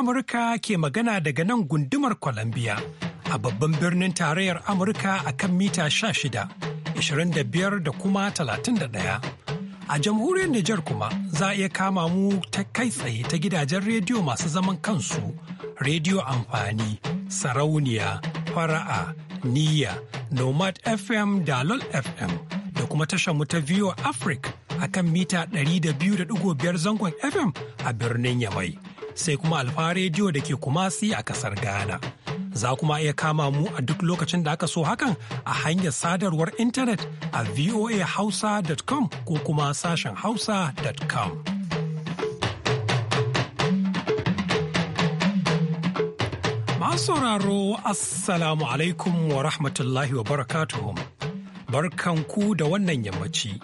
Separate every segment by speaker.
Speaker 1: Amurka ke magana daga nan gundumar Columbia a babban birnin tarayyar Amurka a kan mita 16, 25 da kuma talatin 31. A jamhuriyar Nijar kuma za a iya kama mu ta kai tsaye ta gidajen rediyo masu zaman kansu, rediyo amfani, sarauniya, fara'a, niyya, nomad FM da lol FM da kuma tashar mu ta VOA Africa a kan mita 200.5 zangon FM a birnin Yamai. sai kuma alfa rediyo da ke kumasi a kasar Ghana. Za kuma iya kama mu a duk lokacin da aka so hakan a hanyar sadarwar intanet a voahausa.com ko kuma sashen hausa.com. Masu sauraro Assalamu alaikum wa rahmatullahi wa barakatuhum. Barkanku da wannan yammaci.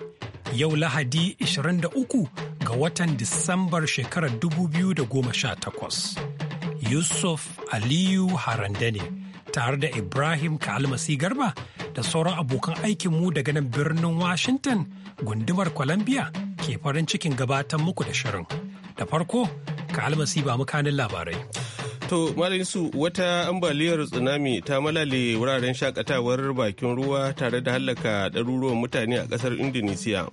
Speaker 1: Yau Lahadi 23 ga watan Disambar shekarar 2018. Yusuf Aliyu Harande ne tare da Ibrahim Kalmasi Garba da sauran abokan aikinmu daga nan birnin Washington gundumar Columbia ke farin cikin gabatan muku da shirin. Da farko, Kalmasi ba mukanin labarai.
Speaker 2: To, su wata ambaliyar tsunami ta malale wuraren shakatawar bakin ruwa tare da hallaka ɗaruruwan mutane a ƙasar Indonesia.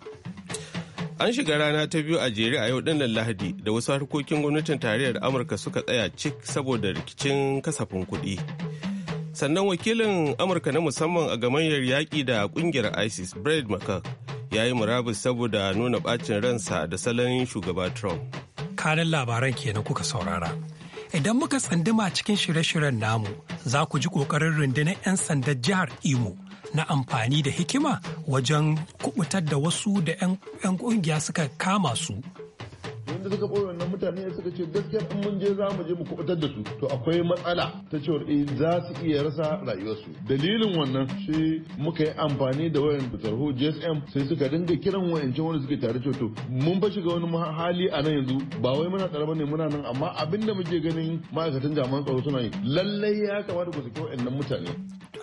Speaker 2: An shiga rana ta biyu a jere a yau ɗinnan Lahadi da wasu harkokin gwamnatin tarayyar Amurka suka tsaya cik saboda rikicin kasafin kuɗi. Sannan wakilin Amurka na musamman a gamayyar yaƙi da ƙungiyar ISIS, Brad McCack, ya yi murabus saboda nuna ɓacin ransa da salon shugaba Trump.
Speaker 1: Kanin labaran kenan kuka saurara. Idan muka tsanduma cikin shirye-shiryen namu, za ku ji ƙoƙarin rundunar 'yan sandar jihar Imo na amfani da hikima wajen kubutar da wasu da 'yan kungiya suka kama su
Speaker 3: inda suka ɓoye wannan mutane suka ce gaskiya in mun je za mu je mu kubutar da su to akwai matsala ta cewa eh za su iya rasa rayuwarsu dalilin wannan shi muka yi amfani da wayan tarho GSM sai suka dinga kiran wayancin wanda suke tare to mun ba shiga wani hali a nan yanzu ba wai muna tsare bane muna nan amma abinda muke ganin ma'aikatan jami'an tsaro suna yi lallai ya kamata ku saki wayannan mutane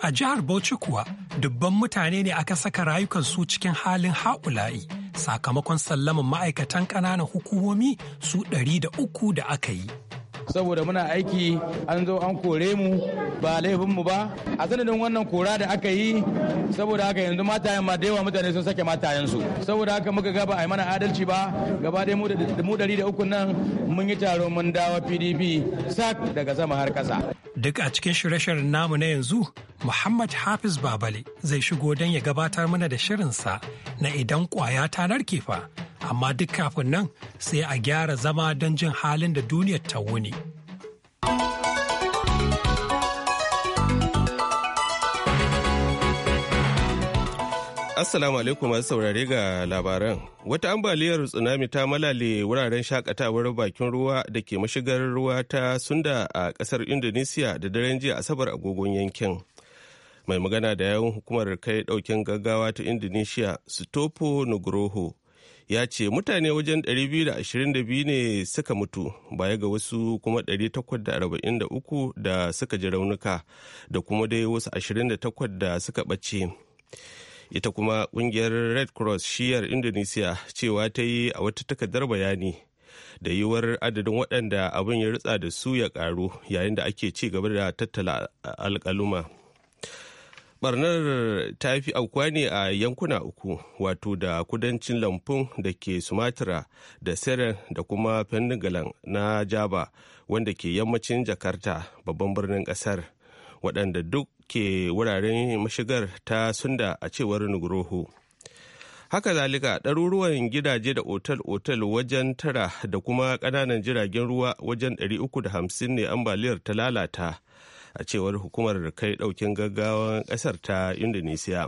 Speaker 1: a jihar Bauchi kuwa dubban mutane ne aka saka rayukan su cikin halin haula'i sakamakon sallaman ma'aikatan ƙananan hukumomi su ɗari da uku da aka yi.
Speaker 4: saboda muna aiki an zo an kore mu ba laifinmu ba a sanadin wannan kora da aka yi saboda haka yanzu matayen ma da yawa mutane sun sake matayensu saboda haka muka gaba a yi mana adalci ba gaba dai mu dari da uku nan mun yi taro mun dawa pdp
Speaker 1: sak daga sama har kasa duk a cikin shirye-shiryen namu na yanzu Muhammad Hafiz Babale zai shigo don ya gabatar mana da shirinsa na idan kwaya ta narke fa, amma duk kafin nan sai a gyara zama don jin halin da duniyar ta wuni.
Speaker 2: Assalamu alaikum masu saurare ga labaran. Wata ambaliyar tsunami ta malale wuraren shakatawar bakin ruwa da ke mashigar ruwa ta Sunda a kasar Indonesia da daren jiya Asabar agogon yankin. mai magana da yawun hukumar kai daukin gaggawa ta indonesia sutopo nugroho ya ce mutane wajen 222 ne suka mutu baya ga wasu kuma 843 da suka ji raunuka da kuma dai wasu 28 da suka ɓace ita kuma kungiyar red cross shiyar indonesia cewa ta yi a wata takardar bayani da yiwuwar adadin waɗanda abin ya ritsa da su ya ƙaru yayin da ake ci gaba da tattala alƙaluma. barnar ta fi aukuwa ne a yankuna uku wato da kudancin lamfun da ke sumatra da seren da kuma pendigalan na java wanda ke yammacin jakarta babban birnin kasar waɗanda duk ke wuraren mashigar ta sunda a cewar nugroho haka zalika ɗaruruwan gidaje da otal-otal wajen tara da kuma ƙananan jiragen ruwa wajen 350 ne ambaliyar ta lalata a cewar hukumar kai daukin gaggawan kasar ta indonesia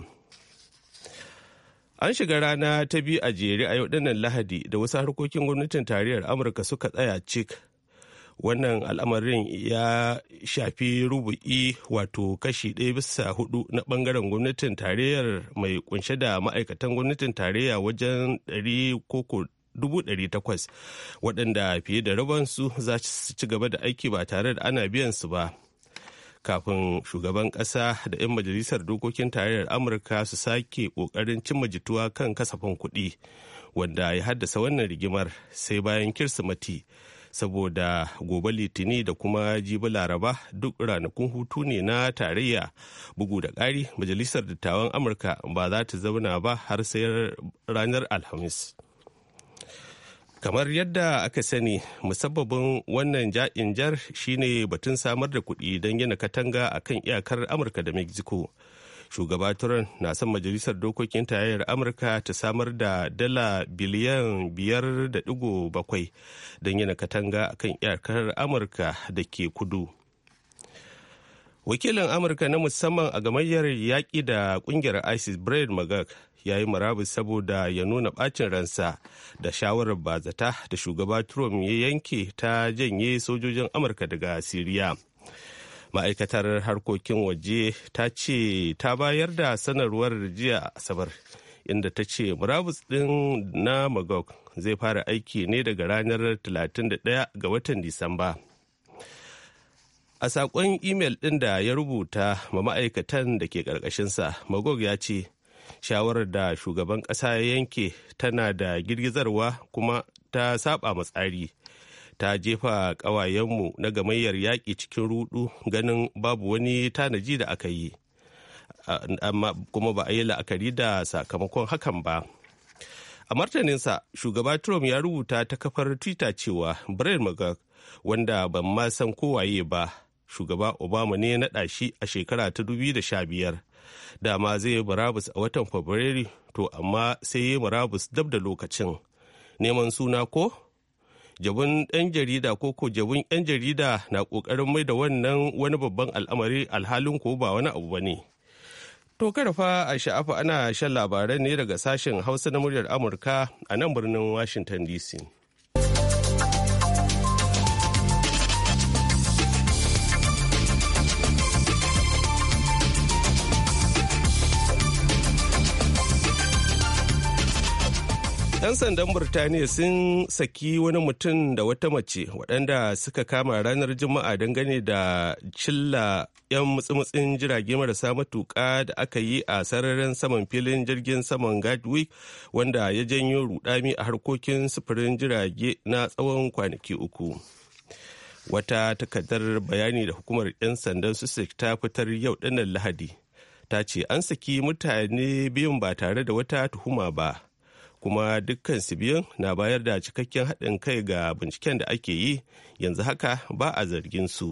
Speaker 2: an shiga rana ta biyu a jere a yau dinnan lahadi da wasu harkokin gwamnatin tarayyar amurka suka tsaya cik wannan al'amarin ya shafi rubu'i wato kashi ɗaya bisa hudu na ɓangaren gwamnatin tarayyar mai kunshe da ma'aikatan gwamnatin tarayya wajen ɗari koko takwas waɗanda fiye da rabansu za su ci gaba da aiki ba tare da ana biyan su ba kafin shugaban ƙasa da 'yan majalisar dokokin tarayyar amurka su sake ƙoƙarin cin jituwa kan kasafin kuɗi wanda ya haddasa wannan rigimar sai bayan kirsimati saboda gobe litini da kuma jibi laraba duk ranakun hutu ne na tarayya bugu da ƙari majalisar dattawan amurka ba za ta zauna ba har sai ranar alhamis kamar yadda aka sani musabbabin wannan ja'in jar shine batun samar da kuɗi don gina katanga a kan iyakar amurka da mexico shugaba turan na son majalisar dokokin tarayyar amurka ta samar da dala biliyan 5.7 don gina katanga a kan iyakar amurka da ke kudu wakilin amurka na musamman a gamayyar yaƙi da ƙungiyar isis brad magak ya yi murabus saboda ya nuna bacin ransa da shawarar bazata da shugaba trump ya yanke ta janye sojojin amurka daga siriya ma'aikatar harkokin waje ta ce ta bayar da sanarwar jiya asabar inda ta ce murabus din na magog zai fara aiki ne daga ranar 31 ga watan disamba a saƙon imel ɗin da ya rubuta ma ma'aikatan da ke ƙarƙashinsa magog ya ce shawarar da shugaban ƙasa ya yanke tana da girgizarwa kuma ta saba matsari ta jefa ƙawayenmu na gamayyar yaƙi cikin rudu ganin babu wani tanaji da aka yi amma kuma ba a yi la'akari da sakamakon hakan ba a martaninsa shugaba trump ya rubuta ta kafar twitter cewa brian mcgurk wanda ban ma san kowaye ba shugaba obama ne ya naɗa shi a shekara ta da sha 2015 dama zai yi barabus a watan fabrairu to amma sai yi barabus dab da lokacin neman suna ko jabin ɗan jarida ko ko jabin 'yan jarida na ƙoƙarin mai da wannan wani babban al'amari alhalin ko ba wani abu ba ne to karfa a sha'afa ana shan labaran ne daga sashen hausa na muryar amurka a nan birnin washington dc 'Yan sandan Burtaniya sun saki wani mutum da wata mace waɗanda suka kama ranar Juma'a dangane da cilla 'yan mutsumutsin jirage marasa matuƙa da aka yi a sararin saman filin jirgin saman Gatwick wanda ya janyo rudami a harkokin sufurin jirage na tsawon kwanaki uku. Wata takardar bayani da hukumar 'yan sandan su ta fitar yau ɗinnan Lahadi ta ce an saki mutane biyun ba tare da wata tuhuma ba. kuma dukkan su biyun na bayar da cikakken haɗin kai ga binciken da ake yi yanzu haka ba a zargin su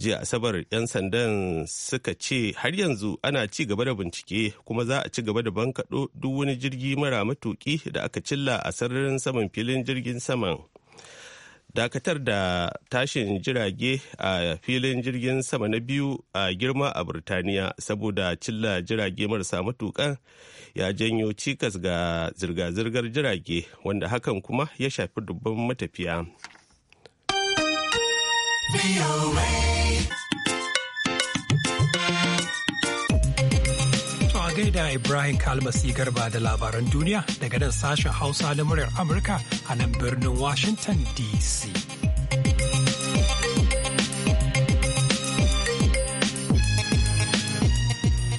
Speaker 2: jiya asabar 'yan sandan suka ce har yanzu ana ci gaba da bincike kuma za a ci gaba da bankaɗo duk wani jirgi mara matuƙi da aka cilla a sararin saman filin jirgin saman dakatar da tashin jirage a filin jirgin sama na biyu a girma a burtaniya saboda cilla jirage marasa matukan ya janyo cikas ga zirga-zirgar jirage wanda hakan kuma ya shafi dubban matafiya.
Speaker 1: gaida Ibrahim Kalmasi Garba da labaran duniya daga nan sashen Hausa na muryar Amurka a nan birnin Washington DC.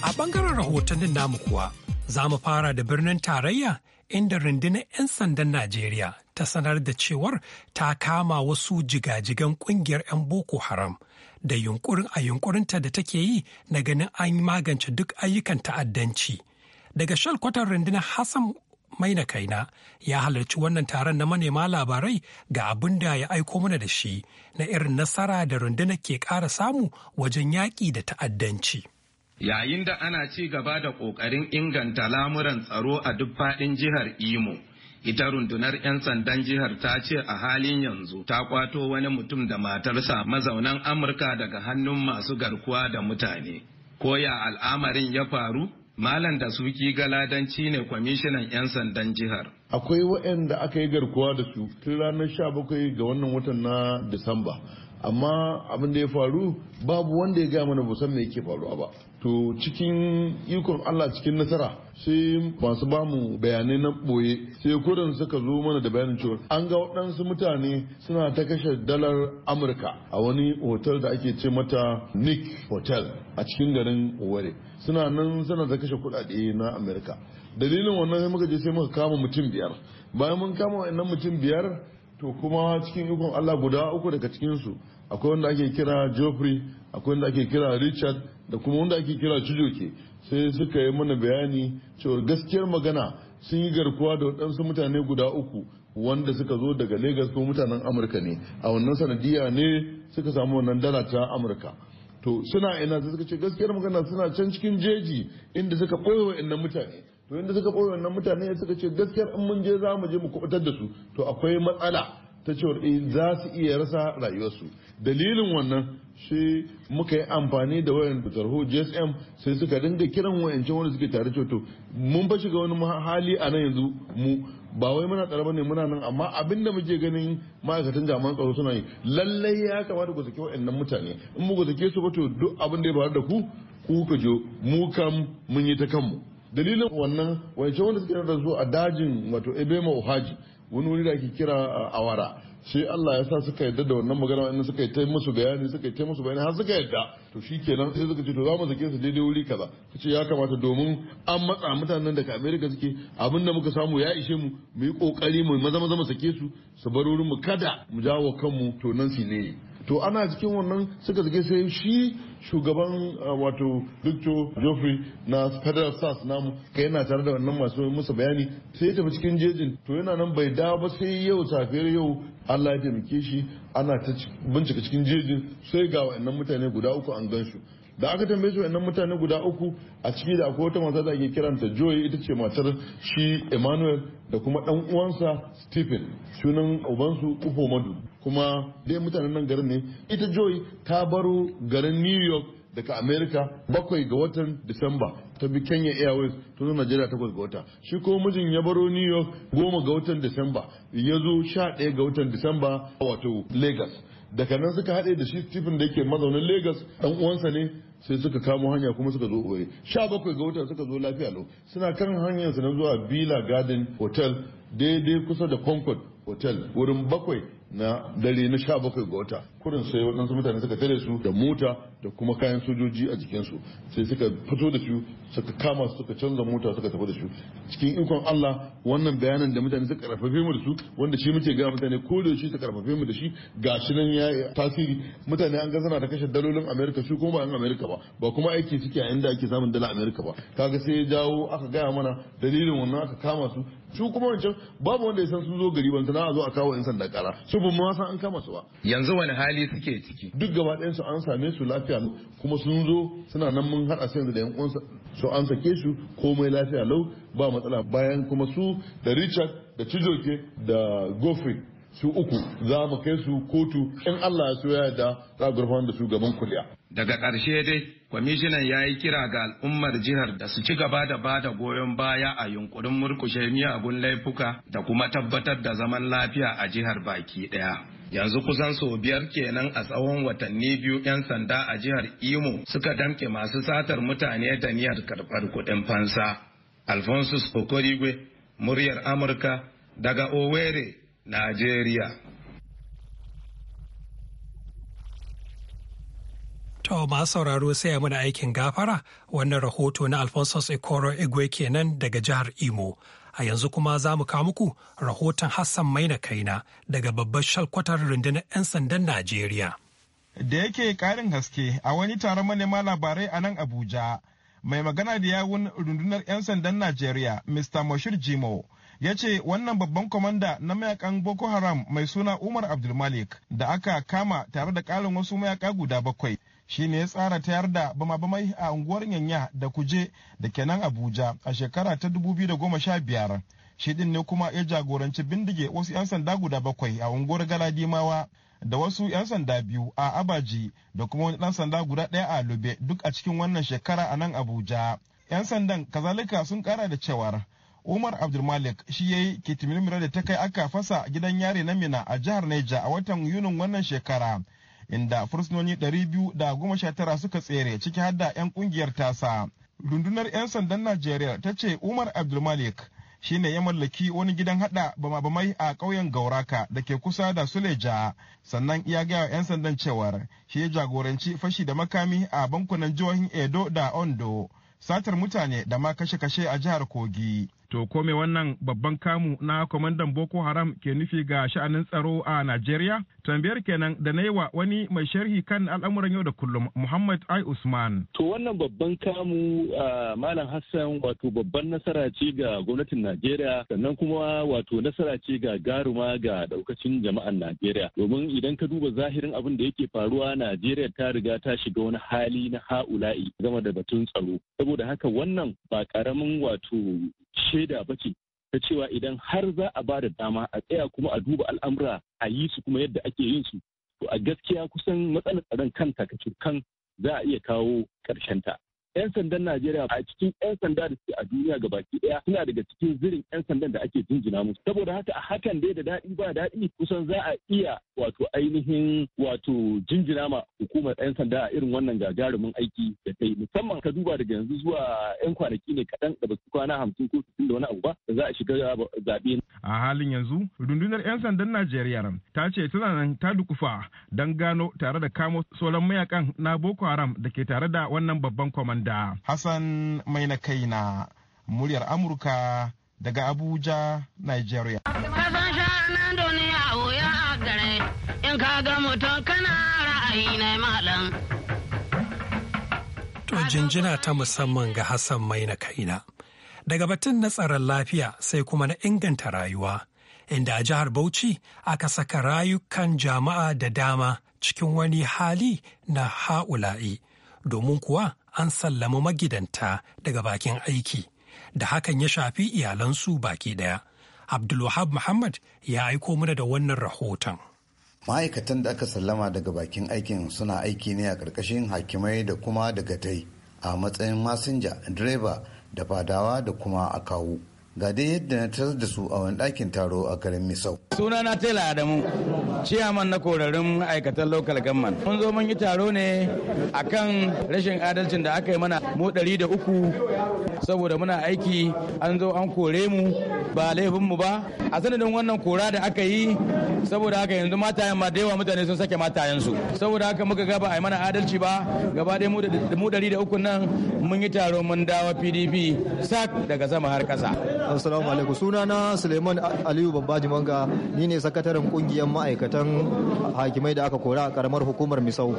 Speaker 1: A bangaren rahotannin namu kuwa, za mu fara da birnin tarayya inda rundunar 'yan sandan Najeriya ta sanar da cewar ta kama wasu jigajigan kungiyar 'yan Boko Haram. da yunkurin a yunkurinta da take yi na ganin an magance duk ayyukan ta'addanci. Daga shalkwatar rundunar Hassan maina kaina ya halarci wannan taron na manema labarai ga abin da ya aiko mana da shi na irin nasara da rundunar ke ƙara samu wajen yaƙi da ta'addanci.
Speaker 5: Yayin da ana ci gaba da ƙoƙarin inganta lamuran tsaro a duk faɗin jihar Imo. Ita rundunar 'yan sandan jihar ta ce a halin yanzu ta kwato wani mutum da matarsa mazaunan Amurka daga hannun masu garkuwa da mutane. Koya al'amarin ya faru? Malam da suki galadanci ne kwamishinan 'yan sandan jihar.
Speaker 3: Akwai waɗanda aka yi garkuwa da su tun ranar 17 ga wannan watan na Disamba. amma abin da ya faru babu wanda ya gaya mana musamman mai yake faruwa ba to cikin ikon Allah cikin nasara sai masu bamu bayanai na boye sai kudin suka zo mana da bayanin cewa an ga waɗansu mutane suna ta kashe dalar amurka a wani hotel da ake ce mata nick hotel a cikin garin ware suna nan suna ta kashe kuɗaɗe na amurka dalilin wannan sai muka je sai muka kama mutum biyar bayan mun kama wa'annan mutum biyar to kuma cikin ikon allah guda uku daga cikinsu akwai wanda ake kira geoffrey akwai wanda ake kira richard da kuma wanda ake kira cijoke sai suka yi mana bayani cewar gaskiyar magana sun yi garkuwa da waɗansu mutane guda uku wanda suka zo daga Legas ko mutanen Amurka ne a wannan sanadiyya ne suka samu wannan dala ta Amurka to suna ina sai suka ce gaskiyar magana suna can cikin jeji inda suka ɓoye wa'annan mutane to inda suka ɓoye wannan mutane suka ce gaskiyar in mun je za mu je mu kubutar da su to akwai matsala ta cewar eh, za su iya rasa rayuwarsu dalilin wannan shi muka yi amfani da wayan tarho gsm sai suka dinga kiran wayancin wanda suke tare ceto mun ba shiga wani hali a nan yanzu mu ba wai muna tsare bane muna nan amma abinda muke ganin ma'aikatan jami'an tsaro suna yi lallai ya kamata ku sake wayannan mutane in mu ku su ba to duk abin da ya faru da ku ku ka je mu kam mun yi ta kanmu dalilin wannan wayancin wanda suke da su a dajin wato ebema ohaji wani wuri da ake kira uh, awara sai Allah ya sa suka yadda da wannan magana wa'annan suka yi ta musu bayani suka yi musu bayani har suka yadda to shi kenan sai suka ce to za mu sake su daidai wuri kaza ta ce ya kamata domin an matsa mutanen daga Amerika suke abin da muka samu ya ishe mu mu yi kokari mu maza maza mu sake su su bar wurin mu kada mu jawo kanmu to nan ne to ana cikin wannan suka zage sai shi shugaban wato dr geoffrey na federal sars namu kai yana tare da wannan masu musa bayani sai ya tafi cikin jejin to yana nan bai dawo ba sai yau safiyar yau allah ya taimake shi ana ta bincika cikin jejin sai ga wa'annan mutane guda uku an gan da aka tambaye su wa'annan mutane guda uku a ciki da akwai wata mata da ake kiranta joy ita ce matar shi emmanuel da kuma dan uwansa Stephen sunan ubansu Ufo Madu kuma dai mutanen nan garin ne ita Joy ta baro garin New York daga America bakwai ga watan Disamba ta bi Kenya Airways ta zo Najeriya takwas ga wata shi ko mijin ya baro New York goma ga watan Disamba ya zo sha ɗaya ga watan Disamba wato Lagos daga nan suka haɗe da shi Stephen da yake mazaunin Lagos dan uwansa ne sai suka kamo hanya kuma suka zo oye sha bakwai ga wata suka zo lafiya lau suna kan hanyar su na zuwa bila garden hotel daidai kusa da concord hotel wurin bakwai na dare na sha bakwai ga wata kurin sai waɗansu mutane suka tare su da mota da kuma kayan sojoji a jikinsu sai suka fito da su suka kama su suka canza mota suka tafi da su cikin ikon Allah wannan bayanan da mutane suka karfafe mu da su wanda shi muke ga mutane ko da shi suka karfafe mu da shi gashi nan ya tasiri mutane an ga suna ta kashe dalolin America su kuma ba an America ba ba kuma aiki suke a inda ake samun dala America ba kaga sai ya jawo aka gaya mana dalilin wannan aka kama su su kuma wancan babu wanda ya san sun zo gari ban a zo a kawo yan sanda kara su ba ma san an kama su ba
Speaker 5: yanzu wani hali suke ciki
Speaker 3: duk gaba ɗayan su an same su lafiya lafiya kuma sun zo suna nan mun haɗa sai da yan so an sake su komai lafiya lau ba matsala bayan kuma su da Richard da Chijoke da goffrey su uku za mu kai su kotu in Allah ya soya da za a gurfan da su gaban kuliya.
Speaker 5: Daga karshe dai kwamishinan ya yi kira ga al'ummar jihar da su ci gaba da ba da goyon baya a yunkurin murkushe miyagun laifuka da kuma tabbatar da zaman lafiya a jihar baki ɗaya. yanzu kusan sau biyar kenan a tsawon watanni biyu 'yan sanda a jihar imo suka damke masu satar mutane da niyyar karɓar kuɗin fansa alphonsus okorigwe muryar amurka daga owerri nigeria
Speaker 1: To masu sauraro sai mana aikin gafara wannan rahoto na Alphonsus Ikoro Igwe kenan daga jihar Imo. A yanzu kuma za mu kawo muku rahoton Hassan Maina Kaina daga babbar shalkwatar rundunar 'yan sandan Najeriya.
Speaker 5: Da yake ƙarin haske a wani taron manema labarai a nan Abuja, mai magana da yawun rundunar 'yan sandan Najeriya, Mr. Moshir Jimo, ya ce wannan babban kwamanda na mayakan Boko Haram mai suna Umar Abdulmalik da aka kama tare da ƙarin wasu mayaka guda bakwai. shi ne ya tsara tayar da bama-bamai a unguwar Yanya da Kuje da kenan Abuja a shekara ta 2015. Shi din ne kuma ya jagoranci bindige wasu 'yan sanda guda bakwai a unguwar Galadimawa da wasu 'yan sanda biyu a Abaji da kuma wani ɗan sanda guda ɗaya a Lube duk a cikin wannan shekara a nan Abuja. 'Yan sandan kazalika sun kara da cewar Umar Abdulmalik shi ya yi kitimirmira da ta kai aka fasa gidan yare na Mina a jihar Neja a watan Yunin wannan shekara. inda fursunoni 219 suka tsere ciki har da 'yan kungiyar tasa. Rundunar 'yan sandan Najeriya ta ce Umar Abdulmalik shi ne ya mallaki wani gidan hada bama-bamai a ƙauyen Gauraka da ke kusa da Suleja, sannan ya gaya 'yan sandan cewar shi ya jagoranci fashi da makami a bankunan jihohin Edo da Ondo, satar mutane da ma kashe-kashe a jihar Kogi. To me wannan babban kamu na kwamandan Boko Haram ke nufi ga sha'anin tsaro a Najeriya? Tambayar kenan da na yi wa wani mai sharhi kan al'amuran yau da kullum Muhammad I. Usman.
Speaker 6: To wannan babban kamu a Malam Hassan wato babban nasara ce ga gwamnatin Najeriya sannan kuma wato nasara ce ga garuma ga daukacin jama'an Najeriya. Domin idan ka duba zahirin abin da yake faruwa Najeriya ta riga ta shiga wani hali na ha'ula'i game da batun tsaro. Saboda haka wannan ba karamin wato shaida bace ta cewa idan har za a ba da dama a tsaya kuma a duba al'amura a yi su kuma yadda ake yin su to a gaskiya kusan matsalar tsaron kanta ka kan za a iya kawo ta 'yan sandan Najeriya a cikin 'yan sanda da suke a duniya ga baki daya suna daga cikin zirin 'yan sandan da ake jinjina musu saboda haka a hakan dai da daɗi ba daɗi kusan za a iya wato ainihin wato jinjina ma hukumar 'yan sanda a irin wannan gagarumin aiki da ta yi musamman ka duba daga yanzu zuwa 'yan kwanaki ne kaɗan da basu kwana hamsin ko sittin da wani abu ba da za a shiga zaɓe.
Speaker 5: A halin yanzu rundunar 'yan sandan Najeriya ta ce tana nan ta dukufa don gano tare da kamo sauran mayakan na Boko Haram da ke tare da wannan babban kwamandan. Uganda. Hassan mai na na muryar Amurka daga Abuja, Nigeria. Kasan kana ra'ayi
Speaker 1: To jinjina ta musamman ga Hassan mai na na, Daga batun na tsaron lafiya sai kuma na inganta rayuwa, inda a jihar Bauchi aka saka rayukan jama'a da dama cikin wani hali na ha'ula'i, domin kuwa an sallama magidanta daga bakin aiki da hakan ya shafi iyalansu baki daya. Abdulwahab Muhammad ya aiko mana da wannan rahoton.
Speaker 7: Ma'aikatan da aka sallama daga bakin aikin suna aiki ne a ƙarƙashin hakimai da kuma dagatai a matsayin masinja, direba da fadawa da kuma a kawo. ga dai yadda na tarar da su a wani ɗakin taro a garin misau
Speaker 4: sunana tela adamu ciyaman na korarrun ma'aikatan local gamman mun zo mun yi taro ne akan rashin adalcin da aka yi mana mu ɗari da uku saboda muna aiki an zo an kore mu ba laifinmu ba a sanadin wannan kora da aka yi saboda haka yanzu matayen ma da yawa mutane sun sake matayensu saboda haka muka ga ba a mana adalci ba gaba ɗaya mu ɗari da uku nan mun yi taro mun dawa pdp sak daga sama har ƙasa
Speaker 7: assalamu alaikum sunana suleiman aliyu babbaji manga ni ne sakataren kungiyar ma'aikatan hakimai da aka kora a karamar hukumar misau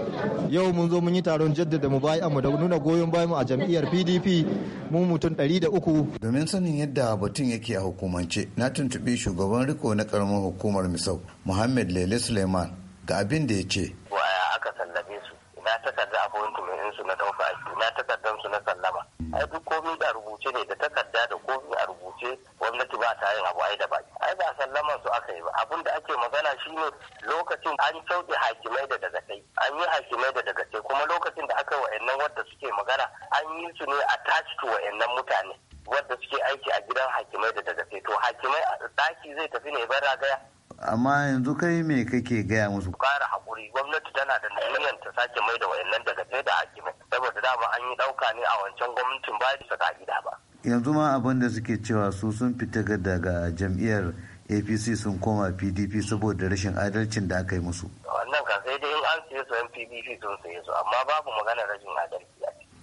Speaker 7: yau mun zo mun yi taron jaddada mu bayan mu da nuna goyon bayan mu a jam'iyyar pdp mu mutum ɗari da uku domin sanin yadda batun yake a hukumar hukumance na tuntubi shugaban riko na karamar hukumar misau muhammed lele suleiman ga abin da ya ce waya aka sallame su ina takarda a din su na ɗauka aiki ina takardan su na sallama ai duk komai da rubuce ne da takarda da komai a rubuce gwamnati ba ta yin abu ai da baki ai ba sallaman su aka yi ba abin da ake magana shine lokacin an sauke haƙi amma yanzu kai me kake gaya musu Ku
Speaker 6: ƙara hakuri gwamnati
Speaker 7: tana da niyyar ta sake mai da wayannan daga sai da hakimi saboda dama an yi ɗauka ne a wancan gwamnatin ba su ka'ida ba yanzu ma abin da suke cewa su sun fita daga jam'iyyar apc sun koma pdp saboda rashin adalcin da aka yi musu
Speaker 6: wannan ka sai dai in an siye su yan pdp sun siye su amma babu magana rashin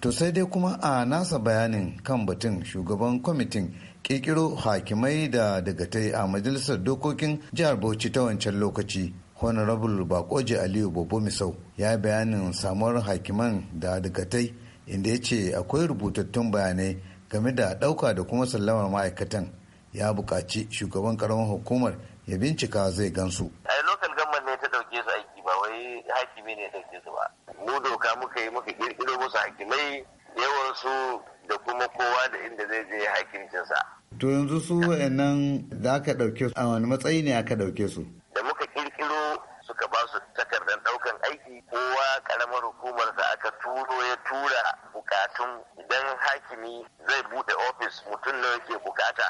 Speaker 7: to sai dai kuma a nasa bayanin kan batun shugaban kwamitin kirkiro hakimai da dagatai a majalisar dokokin jihar bauchi ta wancan lokaci honorable bakoji aliyu bobo misau ya yi bayanin samuwar hakiman da dagatai inda ya ce akwai rubutattun bayanai game da ɗauka da kuma sallamar ma'aikatan ya buƙaci shugaban ƙaramin hukumar ya bincika zai gansu. hakimi ne sai su ba mu doka muka yi muka kirkiro musu hakimai yawan da kuma kowa da inda zai je hakimcinsa to yanzu su wa'annan za ka dauke su a wani matsayi ne aka dauke su da muka kirkiro suka ba su takardar daukan aiki kowa karamar hukumarsa aka turo ya tura bukatun idan hakimi zai bude ofis mutum nawa ke bukata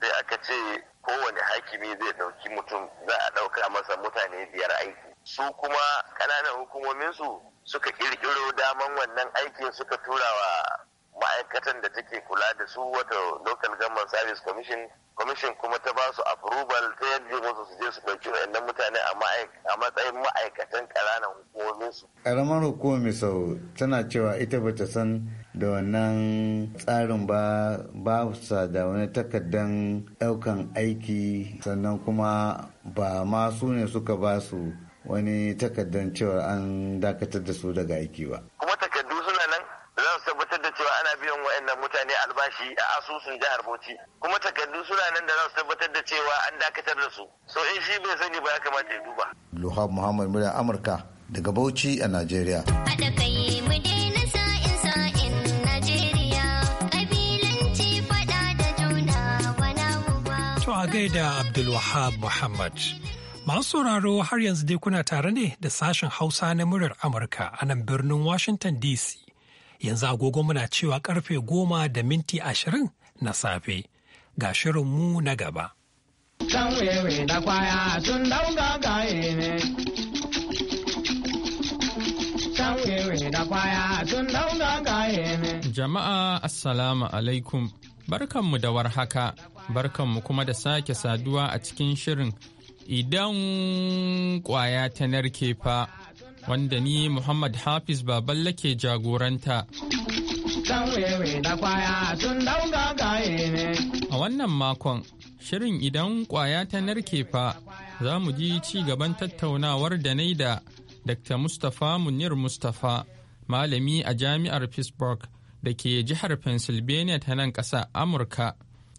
Speaker 7: sai aka ce kowane hakimi zai ɗauki mutum za a ɗauka masa mutane biyar aiki su kuma ƙananan hukumominsu suka ƙirƙiro daman wannan aikin suka tura wa ma'aikatan da take kula da su wata local government service commission commission kuma ta ba su approval ta yadda musu su je su ɗauki wayannan mutane a matsayin ma'aikatan ƙananan hukumomin su. Ƙaramar hukumomi sau tana cewa ita bata san da wannan tsarin ba ba sa da wani takardar ɗaukan aiki sannan kuma ba ma su ne suka ba su wani takardar cewa an dakatar da su daga aiki ba. Kuma takardu suna nan za su tabbatar da cewa ana biyan wa'annan mutane albashi a asusun jihar Bauchi. Kuma takardu suna nan da za su tabbatar da cewa an dakatar da su. So in shi bai sani ba ya kamata ya duba. Luhab Muhammad Murya Amurka daga Bauchi a Najeriya. Najeriya. Kabilanci faɗa da juna
Speaker 1: To a gaida Abdulwahab Muhammad. Masu sauraro har yanzu dai kuna tare ne da sashen Hausa na muryar Amurka a nan birnin Washington DC. Yanzu agogo muna cewa karfe goma da minti ashirin na safe. Ga mu na gaba.
Speaker 4: Jama'a Assalamu alaikum, barkanmu da warhaka, barkanmu kuma da sake saduwa a cikin shirin idan kwaya ta narke fa wanda ni Muhammad Hafiz Baballe ke jagoranta. A wannan makon, shirin idan kwaya ta narke fa za mu ji ci gaban tattaunawar da nai da Dr. Mustapha Munir Mustapha, malami a jami'ar Pittsburgh da ke jihar Pennsylvania ta nan ƙasa Amurka,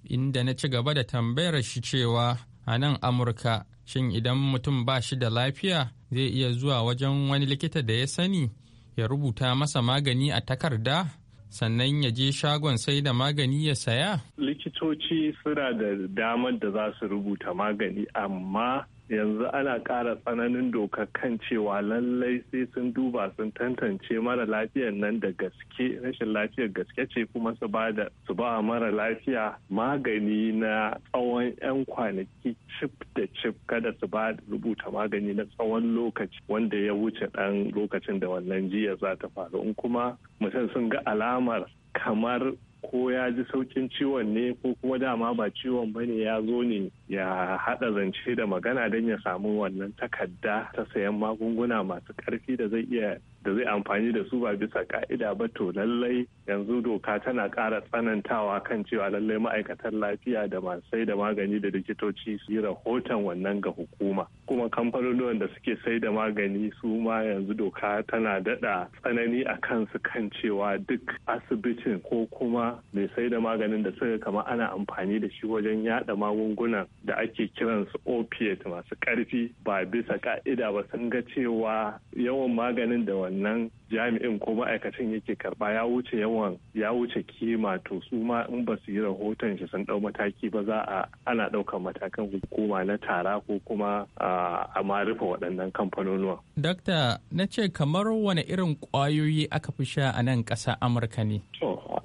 Speaker 4: inda na ci gaba da tambayar shi cewa a nan Amurka. shin idan mutum ba shi da lafiya zai iya zuwa wajen wani likita da ya sani ya rubuta masa magani a takarda sannan ya je shagon sai da magani ya saya
Speaker 6: likitoci suna da damar da za su rubuta magani amma yanzu ana ƙara tsananin doka kan cewa lallai sai sun duba sun tantance mara lafiyar nan da gaske rashin lafiyar gaske ce kuma su ba da su ba mara lafiya magani na tsawon 'yan kwanaki cif da cif kada su ba rubuta magani na tsawon lokaci wanda ya wuce ɗan lokacin da wannan jiya za ta faru in kuma mutum sun ga alamar kamar ko ya ji saukin ciwon ne ko kuma dama ba ciwon ba ne ya zo ne ya haɗa zance da magana don ya samu wannan takarda ta sayan magunguna masu ƙarfi da zai iya da zai amfani da su ba bisa ka'ida ba to lallai yanzu doka tana kara tsanantawa kan cewa lallai ma'aikatan lafiya da masu sai da magani da likitoci su yi rahoton wannan ga hukuma kuma kamfanonin da suke sai da magani su ma yanzu doka tana daɗa tsanani a kansu kan cewa duk asibitin ko kuma mai sai da maganin da suka kama ana amfani da shi wajen yada magungunan da ake kiransu opiate masu ƙarfi ba bisa ka'ida ba sun ga cewa yawan maganin da 能。jami'in ko ma'aikacin yake karba ya wuce yawan ya wuce kima to su ma in ba su yi rahoton shi sun dau mataki ba za a ana daukan matakan hukuma na tara ko kuma a ma rufe waɗannan kamfanonuwa.
Speaker 4: Dakta na ce kamar wani irin ƙwayoyi aka fi sha a nan ƙasa Amurka ne?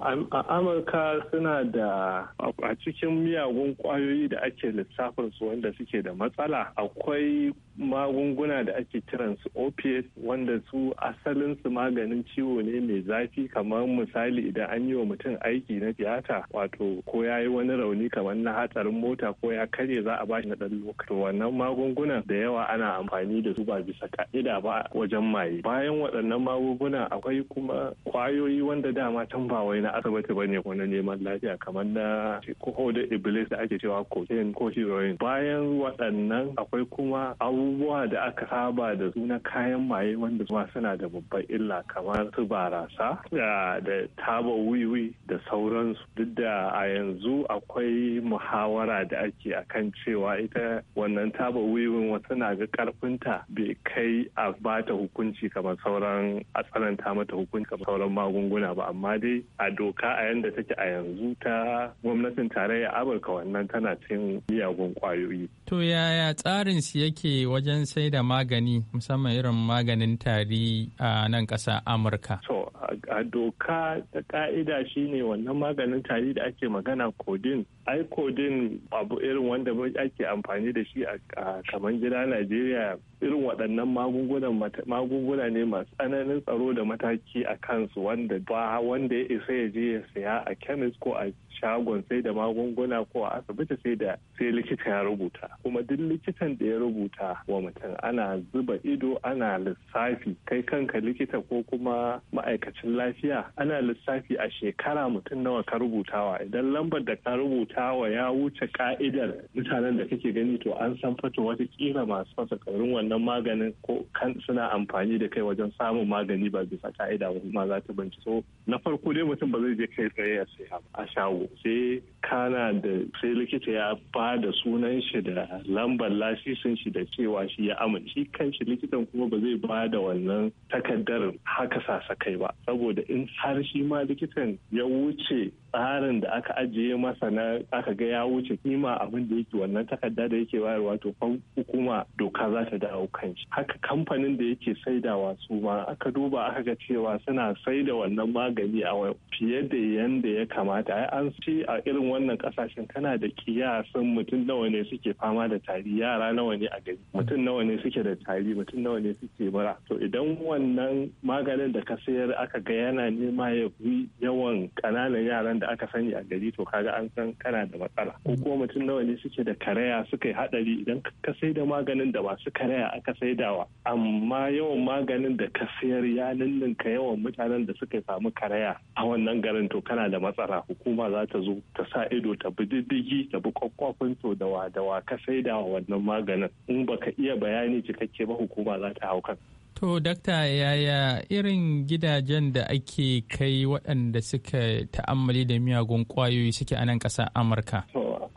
Speaker 6: a Amurka suna da a cikin miyagun kwayoyi da ake lissafin su wanda suke da matsala akwai magunguna da ake kiransu opiate wanda su asalinsu maganin ciwo ne mai zafi kamar misali idan an yi wa mutum aiki na tiyata wato ko ya yi wani rauni kamar na hatsarin mota ko ya karye za a bashi na ɗan lokaci wannan magungunan da yawa ana amfani da su ba bisa ka'ida ba wajen maye bayan waɗannan magungunan akwai kuma kwayoyi wanda dama tun ba wai na asibiti ba ne Wani neman lafiya kamar na Ko da iblis da ake cewa cocaine ko heroin bayan waɗannan akwai kuma abubuwa da aka saba da su na kayan maye wanda suna da babban illa kamar su barasa da taba wiwi da sauransu duk da a yanzu akwai muhawara da ake akan cewa ita wannan taba wiwin wata na ga karfinta bai kai a bata hukunci kamar sauran a tsananta mata hukunci kamar sauran magunguna ba amma dai a doka a yanda take a yanzu ta gwamnatin tarayya amurka wannan tana cin miyagun kwayoyi
Speaker 4: to yaya tsarin su yake wajen sai da magani musamman irin maganin tari a nan ƙasa Amurka? To,
Speaker 6: a doka ta ka'ida shi ne wannan maganin tari da ake magana kodin. Ai kodin abu irin wanda ake amfani da shi a kaman gida Najeriya irin waɗannan magunguna ne masu tsananin tsaro da mataki a kansu wanda ba wanda ya isa ya je ya saya a chemist ko a shagon sai da magunguna ko a asibiti sai da sai likita ya rubuta kuma duk likitan da ya rubuta wa mutum ana zuba ido ana lissafi kai kanka likita ko kuma ma'aikacin lafiya ana lissafi a shekara mutum nawa ka rubutawa idan lambar da ka rubutawa ya wuce ka'idar mutanen da kake gani to an san fato wata kira masu karin wannan maganin ko kan suna amfani da kai wajen samun magani ba bisa ka'ida ba ma za ta binci so na farko dai mutum ba zai je kai tsaye ya sai a shago sai kana da sai likita ya ba sunan shi da lambar lasisin shi da cewa shi ya amince shi kanshi likitan kuma ba zai ba da wannan takardar haka sasakai ba saboda in har shi ma likitan ya wuce tsarin da aka ajiye masa na aka ga ya wuce kima abin da yake wannan takarda da yake bayarwa to hukuma doka za ta dawo kan haka kamfanin da yake saidawa su ma aka duba aka ga cewa suna saida wannan magani a fiye da yanda ya kamata ai an yawanci a irin wannan kasashen kana da kiyasan mutum nawa ne suke fama da tari yara nawa ne a gari mutum nawa ne suke da tari mutum nawa ne suke mura to idan wannan maganin da ka sayar aka ga yana nema ya bi yawan kananan yaran da aka sani a gari to kaga an san kana da matsala ko kuma mutum nawa ne suke da karaya suka yi hadari idan ka sai da maganin da masu karaya aka saidawa amma yawan maganin da ka sayar ya ninninka yawan mutanen da suka samu karaya a wannan garin to kana da matsala hukuma za ta zo ta sa ido ta bi diddigi ta bi kwakwafin to da wa da wa ka saida wa wannan maganin in baka iya bayani cikakke ba hukuma za ta hau
Speaker 4: To, dakta yaya irin gidajen da ake kai waɗanda suka ta'ammali da miyagun ƙwayoyi suke a nan ƙasar Amurka?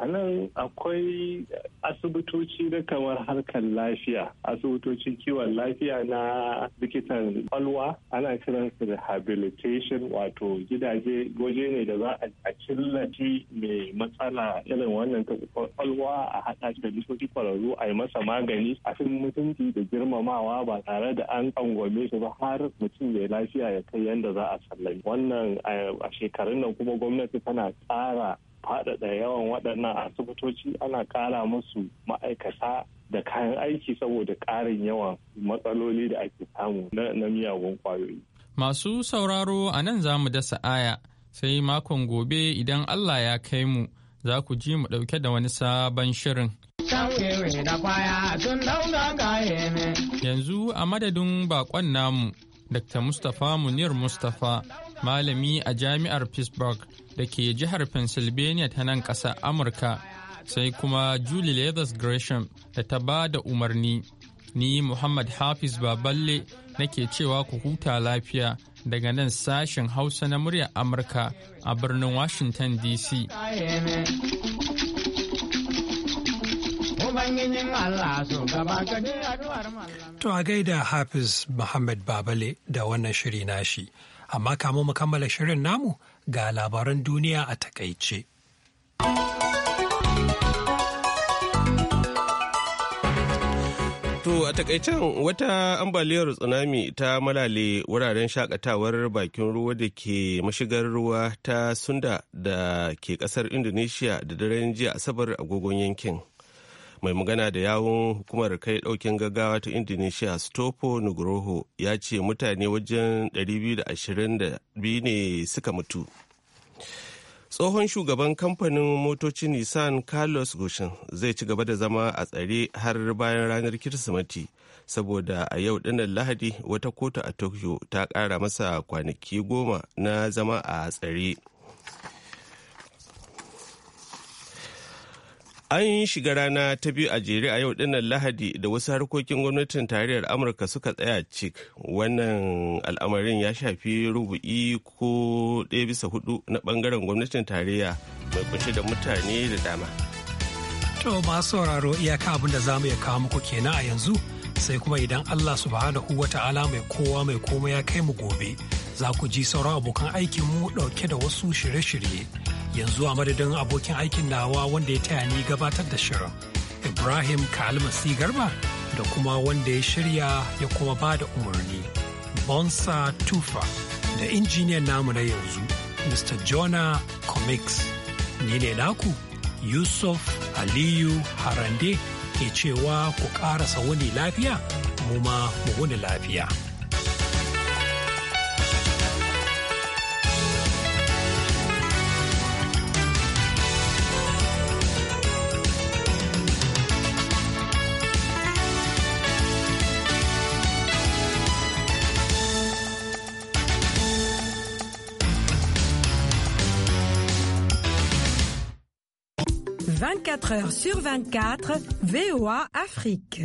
Speaker 6: a nan akwai asibitoci da kamar harkar lafiya Asibitoci kiwon lafiya na likitan kwalwa ana kiran su rehabilitation wato gidaje goje ne da za a killace mai matsala irin wannan kwalwa a haɗa da likitoci kwararru a yi masa magani a cikin mutunci da girmamawa ba tare da an kangwame shi ba har mutum mai lafiya ya kai yanda za a sallami wannan a shekarun nan kuma gwamnati tana tsara faɗaɗa yawan waɗannan asibitoci ana ƙara musu ma'aikata da kayan aiki saboda ƙarin yawan matsaloli da ake samu na miyagun
Speaker 3: ƙwayoyi.
Speaker 4: Masu sauraro a nan za mu dasa aya sai makon gobe idan Allah ya kai mu za ku ji mu ɗauke da wani sabon shirin. Yanzu a madadin baƙon namu, Dr. Mustapha Munir Mustapha malami a jami'ar pittsburgh da ke jihar pennsylvania ta nan ƙasa amurka sai kuma julie leathers gresham da ta ba da umarni ni muhammad hafiz baballe nake cewa ku huta lafiya daga nan sashen hausa na muryar amurka a birnin washington
Speaker 1: dc To a gaida Hafiz Muhammad Babale da wannan shiri nashi. amma kamun mu kammala shirin namu ga labaran duniya a takaice.
Speaker 2: To a takaicen wata ambaliyar tsunami ta malale wuraren shakatawar bakin ruwa da ke mashigar ruwa ta sunda da ke kasar Indonesia da daren jiya asabar agogon yankin. mai magana da yawun hukumar kai daukin gaggawa ta indonesia stopo nugroho ya ce mutane wajen 222 ne suka mutu tsohon shugaban kamfanin motocin nissan carlos goshen zai ci gaba da zama a tsare har bayan ranar kirsimati saboda a yau dinnan lahadi wata kotu a tokyo ta kara masa kwanaki goma na zama a tsare An shiga rana ta biyu a jere a yau dinnan Lahadi da wasu harkokin gwamnatin tarayyar Amurka suka tsaya cik. Wannan al'amarin ya shafi rubu'i ko ɗaya bisa hudu na ɓangaren gwamnatin tarayya mai kunshi da mutane da dama.
Speaker 1: To masu sauraro iyaka abin da za mu iya kawo muku kenan a yanzu sai kuma idan Allah subhanahu wa ta'ala mai kowa mai komai ya kai mu gobe za ku ji sauran abokan aikin mu ɗauke da wasu shirye-shirye. yanzu a madadin abokin aikin nawa wanda ya taya ni gabatar da shirin ibrahim kalmasi garba da kuma wanda ya shirya ya kuma ba da umarni bonsa tufa da injiniyan namu na yanzu mr Jona comics ni ne naku yusuf aliyu harande ke cewa ku ƙara wani lafiya mu ma mu wani lafiya. 24 h sur 24, VOA
Speaker 3: Afrique.